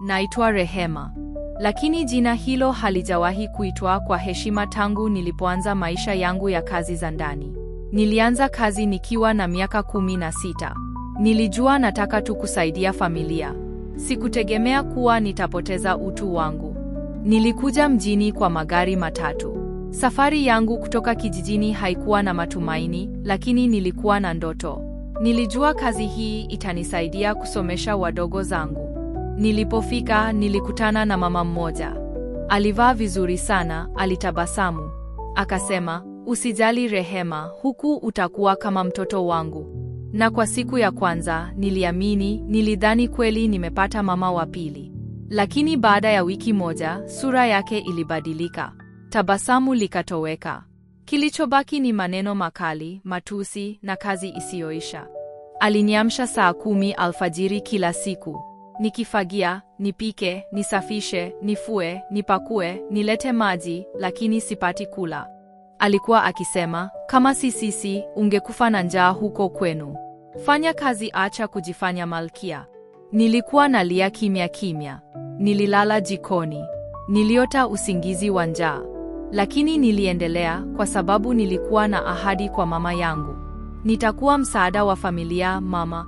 naitwa Rehema, lakini jina hilo halijawahi kuitwa kwa heshima tangu nilipoanza maisha yangu ya kazi za ndani. Nilianza kazi nikiwa na miaka kumi na sita. Nilijua nataka tu kusaidia familia, sikutegemea kuwa nitapoteza utu wangu. Nilikuja mjini kwa magari matatu. Safari yangu kutoka kijijini haikuwa na matumaini, lakini nilikuwa na ndoto. Nilijua kazi hii itanisaidia kusomesha wadogo zangu. Nilipofika nilikutana na mama mmoja. Alivaa vizuri sana, alitabasamu. Akasema, "Usijali Rehema, huku utakuwa kama mtoto wangu." Na kwa siku ya kwanza niliamini, nilidhani kweli nimepata mama wa pili. Lakini baada ya wiki moja, sura yake ilibadilika. Tabasamu likatoweka. Kilichobaki ni maneno makali, matusi na kazi isiyoisha. Aliniamsha saa kumi alfajiri kila siku nikifagia, nipike, nisafishe, nifue, nipakue, nilete maji, lakini sipati kula. Alikuwa akisema, kama si sisi, ungekufa na njaa huko kwenu. Fanya kazi, acha kujifanya malkia. Nilikuwa nalia kimya kimya. Nililala jikoni. Niliota usingizi wa njaa. Lakini niliendelea kwa sababu nilikuwa na ahadi kwa mama yangu. Nitakuwa msaada wa familia, mama.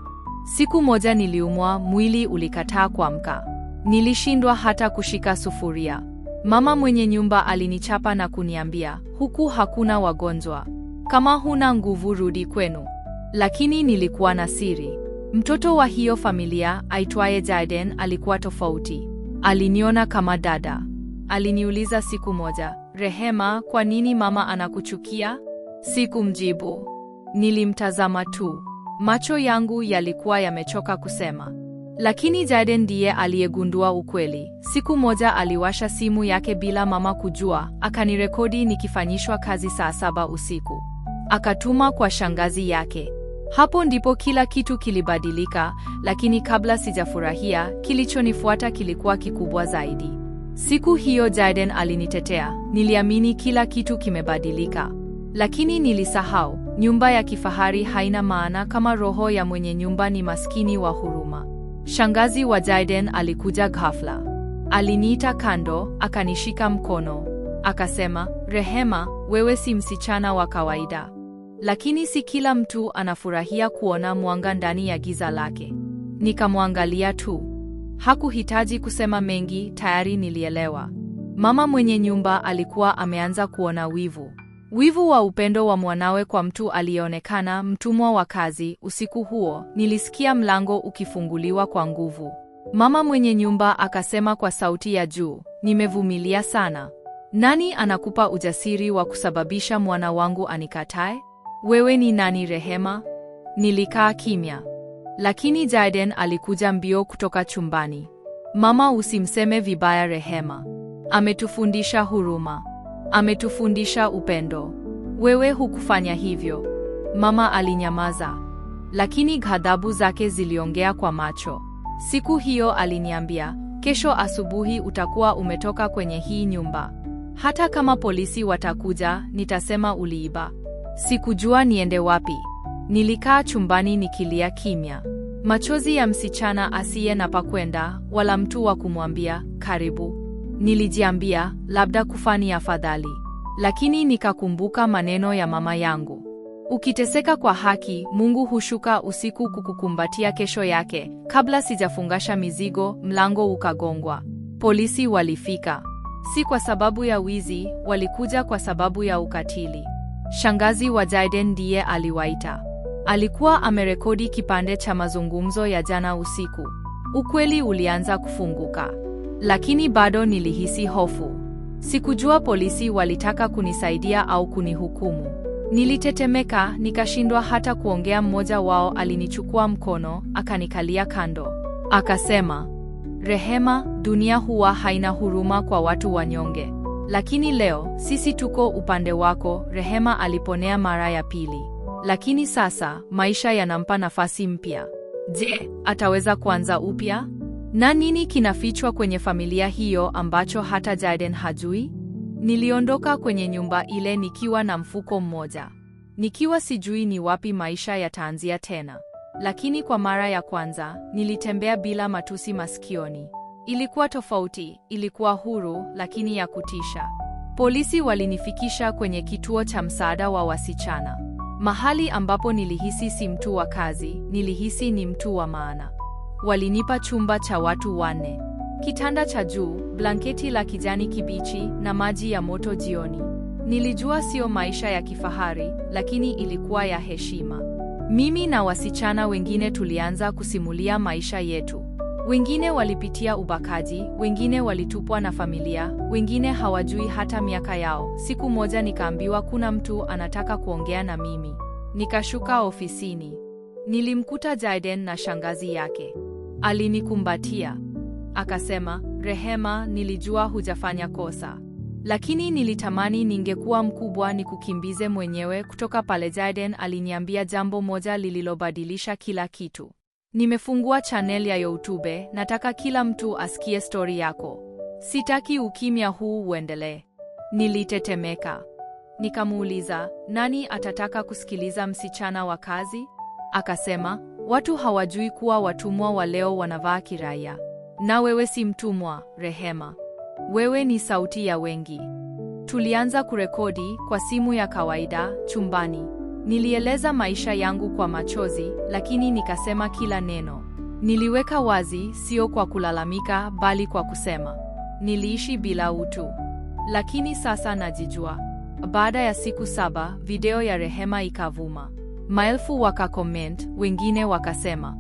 Siku moja niliumwa, mwili ulikataa kuamka. Nilishindwa hata kushika sufuria. Mama mwenye nyumba alinichapa na kuniambia, huku hakuna wagonjwa. Kama huna nguvu rudi kwenu. Lakini nilikuwa na siri. Mtoto wa hiyo familia aitwaye Jaden alikuwa tofauti. Aliniona kama dada. Aliniuliza siku moja, Rehema, kwa nini mama anakuchukia? Sikumjibu. Nilimtazama tu. Macho yangu yalikuwa yamechoka kusema, lakini Jaden ndiye aliyegundua ukweli. Siku moja aliwasha simu yake bila mama kujua, akanirekodi nikifanyishwa kazi saa saba usiku, akatuma kwa shangazi yake. Hapo ndipo kila kitu kilibadilika, lakini kabla sijafurahia, kilichonifuata kilikuwa kikubwa zaidi. Siku hiyo Jaden alinitetea, niliamini kila kitu kimebadilika, lakini nilisahau Nyumba ya kifahari haina maana kama roho ya mwenye nyumba ni maskini wa huruma. Shangazi wa Jaden alikuja ghafla. Aliniita kando, akanishika mkono, akasema, Rehema, wewe si msichana wa kawaida, lakini si kila mtu anafurahia kuona mwanga ndani ya giza lake. Nikamwangalia tu, hakuhitaji kusema mengi, tayari nilielewa. Mama mwenye nyumba alikuwa ameanza kuona wivu. Wivu wa upendo wa mwanawe kwa mtu aliyeonekana mtumwa wa kazi. Usiku huo nilisikia mlango ukifunguliwa kwa nguvu. Mama mwenye nyumba akasema kwa sauti ya juu, nimevumilia sana. Nani anakupa ujasiri wa kusababisha mwana wangu anikatae? Wewe ni nani, Rehema? Nilikaa kimya, lakini Jaden alikuja mbio kutoka chumbani. Mama, usimseme vibaya Rehema, ametufundisha huruma ametufundisha upendo. Wewe hukufanya hivyo. Mama alinyamaza, lakini ghadhabu zake ziliongea kwa macho. Siku hiyo aliniambia, kesho asubuhi utakuwa umetoka kwenye hii nyumba. Hata kama polisi watakuja, nitasema uliiba. Sikujua niende wapi. Nilikaa chumbani nikilia kimya. Machozi ya msichana asiye na pakwenda wala mtu wa kumwambia karibu. Nilijiambia labda kufa ni afadhali, lakini nikakumbuka maneno ya mama yangu, ukiteseka kwa haki, Mungu hushuka usiku kukukumbatia kesho yake. Kabla sijafungasha mizigo, mlango ukagongwa. Polisi walifika, si kwa sababu ya wizi, walikuja kwa sababu ya ukatili. Shangazi wa Jaden ndiye aliwaita. Alikuwa amerekodi kipande cha mazungumzo ya jana usiku. Ukweli ulianza kufunguka lakini bado nilihisi hofu. Sikujua polisi walitaka kunisaidia au kunihukumu. Nilitetemeka, nikashindwa hata kuongea. Mmoja wao alinichukua mkono, akanikalia kando, akasema, Rehema, dunia huwa haina huruma kwa watu wanyonge, lakini leo sisi tuko upande wako. Rehema aliponea mara ya pili, lakini sasa maisha yanampa nafasi mpya. Je, ataweza kuanza upya? Na nini kinafichwa kwenye familia hiyo ambacho hata Jaden hajui? Niliondoka kwenye nyumba ile nikiwa na mfuko mmoja, nikiwa sijui ni wapi maisha yataanzia tena. Lakini kwa mara ya kwanza nilitembea bila matusi masikioni. Ilikuwa tofauti, ilikuwa huru, lakini ya kutisha. Polisi walinifikisha kwenye kituo cha msaada wa wasichana, mahali ambapo nilihisi si mtu wa kazi, nilihisi ni mtu wa maana walinipa chumba cha watu wanne, kitanda cha juu, blanketi la kijani kibichi na maji ya moto jioni. Nilijua sio maisha ya kifahari, lakini ilikuwa ya heshima. Mimi na wasichana wengine tulianza kusimulia maisha yetu. Wengine walipitia ubakaji, wengine walitupwa na familia, wengine hawajui hata miaka yao. Siku moja nikaambiwa kuna mtu anataka kuongea na mimi. Nikashuka ofisini. Nilimkuta Jaden na shangazi yake. Alinikumbatia akasema, Rehema, nilijua hujafanya kosa, lakini nilitamani ningekuwa mkubwa nikukimbize mwenyewe kutoka pale. Jaden aliniambia jambo moja lililobadilisha kila kitu. Nimefungua channel ya YouTube, nataka kila mtu asikie stori yako. Sitaki ukimya huu uendelee. Nilitetemeka. Nikamuuliza, nani atataka kusikiliza msichana wa kazi? Akasema, Watu hawajui kuwa watumwa wa leo wanavaa kiraia. Na wewe si mtumwa, Rehema. Wewe ni sauti ya wengi. Tulianza kurekodi kwa simu ya kawaida chumbani. Nilieleza maisha yangu kwa machozi, lakini nikasema kila neno. Niliweka wazi, sio kwa kulalamika, bali kwa kusema. Niliishi bila utu, lakini sasa najijua. Baada ya siku saba, video ya Rehema ikavuma. Maelfu wakakoment, wengine wakasema,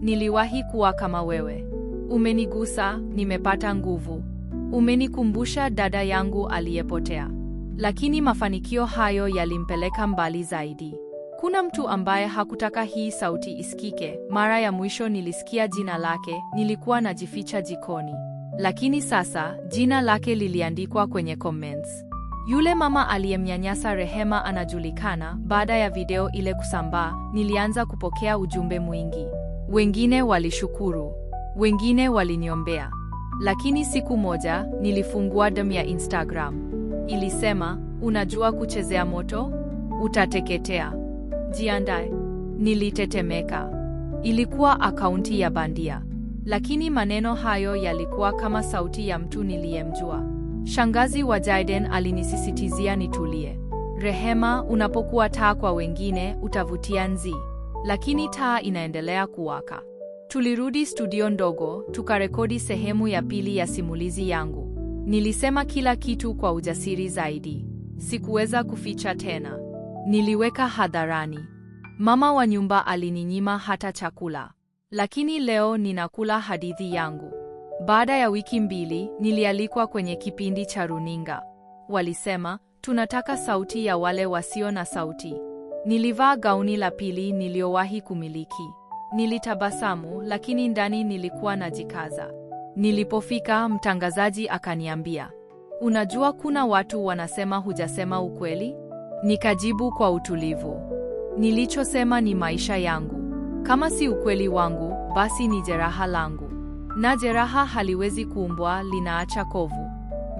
niliwahi kuwa kama wewe. Umenigusa, nimepata nguvu. Umenikumbusha dada yangu aliyepotea. Lakini mafanikio hayo yalimpeleka mbali zaidi. Kuna mtu ambaye hakutaka hii sauti isikike. Mara ya mwisho nilisikia jina lake, nilikuwa najificha jikoni. Lakini sasa jina lake liliandikwa kwenye comments. Yule mama aliyemnyanyasa Rehema anajulikana. Baada ya video ile kusambaa, nilianza kupokea ujumbe mwingi. Wengine walishukuru, wengine waliniombea. Lakini siku moja nilifungua DM ya Instagram. Ilisema, unajua kuchezea moto, utateketea. Jiandae. Nilitetemeka. Ilikuwa akaunti ya bandia. Lakini maneno hayo yalikuwa kama sauti ya mtu niliyemjua. Shangazi wa Jaden alinisisitizia nitulie. Rehema, unapokuwa taa kwa wengine utavutia nzi, lakini taa inaendelea kuwaka. Tulirudi studio ndogo, tukarekodi sehemu ya pili ya simulizi yangu. Nilisema kila kitu kwa ujasiri zaidi. Sikuweza kuficha tena. Niliweka hadharani. Mama wa nyumba alininyima hata chakula. Lakini leo ninakula hadithi yangu. Baada ya wiki mbili, nilialikwa kwenye kipindi cha runinga. Walisema, tunataka sauti ya wale wasio na sauti. Nilivaa gauni la pili niliyowahi kumiliki. Nilitabasamu, lakini ndani nilikuwa najikaza. Nilipofika, mtangazaji akaniambia, unajua kuna watu wanasema hujasema ukweli? Nikajibu kwa utulivu, nilichosema ni maisha yangu. Kama si ukweli wangu, basi ni jeraha langu na jeraha haliwezi kuumbwa, linaacha kovu.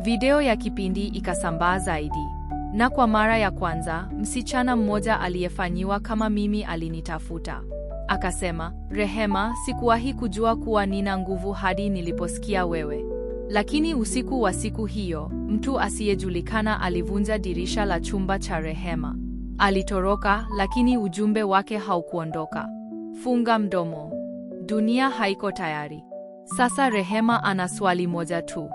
Video ya kipindi ikasambaa zaidi, na kwa mara ya kwanza msichana mmoja aliyefanyiwa kama mimi alinitafuta akasema, Rehema, sikuwahi kujua kuwa nina nguvu hadi niliposikia wewe. Lakini usiku wa siku hiyo mtu asiyejulikana alivunja dirisha la chumba cha Rehema. Alitoroka, lakini ujumbe wake haukuondoka: funga mdomo, dunia haiko tayari. Sasa Rehema ana swali moja tu.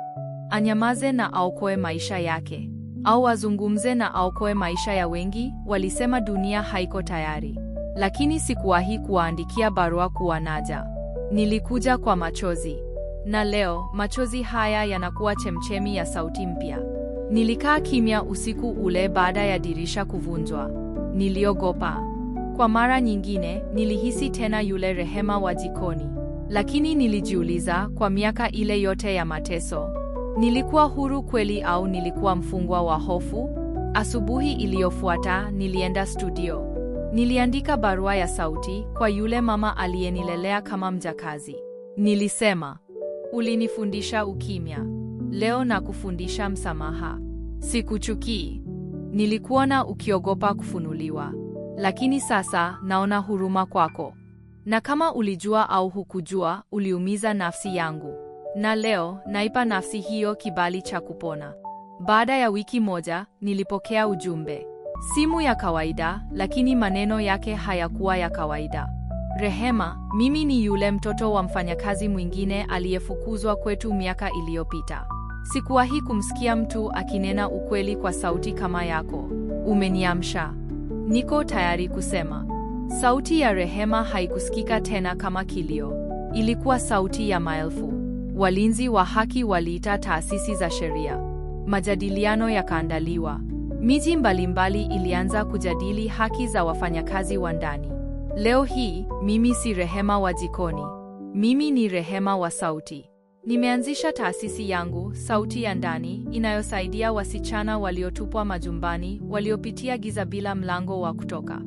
Anyamaze na aokoe maisha yake au azungumze na aokoe maisha ya wengi? Walisema dunia haiko tayari, lakini sikuwahi kuwaandikia barua kuwa naja. Nilikuja kwa machozi, na leo machozi haya yanakuwa chemchemi ya sauti mpya. Nilikaa kimya usiku ule baada ya dirisha kuvunjwa. Niliogopa. Kwa mara nyingine, nilihisi tena yule Rehema wa jikoni. Lakini nilijiuliza, kwa miaka ile yote ya mateso, nilikuwa huru kweli au nilikuwa mfungwa wa hofu? Asubuhi iliyofuata nilienda studio. Niliandika barua ya sauti kwa yule mama aliyenilelea kama mjakazi. Nilisema, ulinifundisha ukimya, leo na kufundisha msamaha. Sikuchukii. Nilikuona ukiogopa kufunuliwa, lakini sasa naona huruma kwako na kama ulijua au hukujua, uliumiza nafsi yangu, na leo naipa nafsi hiyo kibali cha kupona. Baada ya wiki moja, nilipokea ujumbe, simu ya kawaida, lakini maneno yake hayakuwa ya kawaida. Rehema, mimi ni yule mtoto wa mfanyakazi mwingine aliyefukuzwa kwetu miaka iliyopita. Sikuwahi kumsikia mtu akinena ukweli kwa sauti kama yako. Umeniamsha, niko tayari kusema. Sauti ya Rehema haikusikika tena kama kilio, ilikuwa sauti ya maelfu. Walinzi wa haki waliita taasisi za sheria. Majadiliano yakaandaliwa. Miji mbalimbali ilianza kujadili haki za wafanyakazi wa ndani. Leo hii mimi si Rehema wa jikoni, mimi ni Rehema wa sauti. Nimeanzisha taasisi yangu Sauti ya Ndani inayosaidia wasichana waliotupwa majumbani, waliopitia giza bila mlango wa kutoka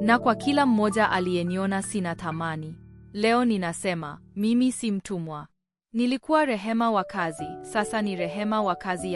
na kwa kila mmoja aliyeniona sina thamani. Leo ninasema mimi si mtumwa. Nilikuwa rehema wa kazi, sasa ni rehema wa kazi ya